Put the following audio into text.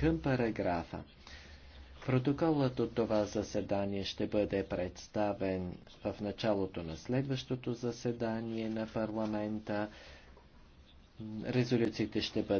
към параграфа. Протоколът от това заседание ще бъде представен в началото на следващото заседание на парламента. Резолюциите ще бъдат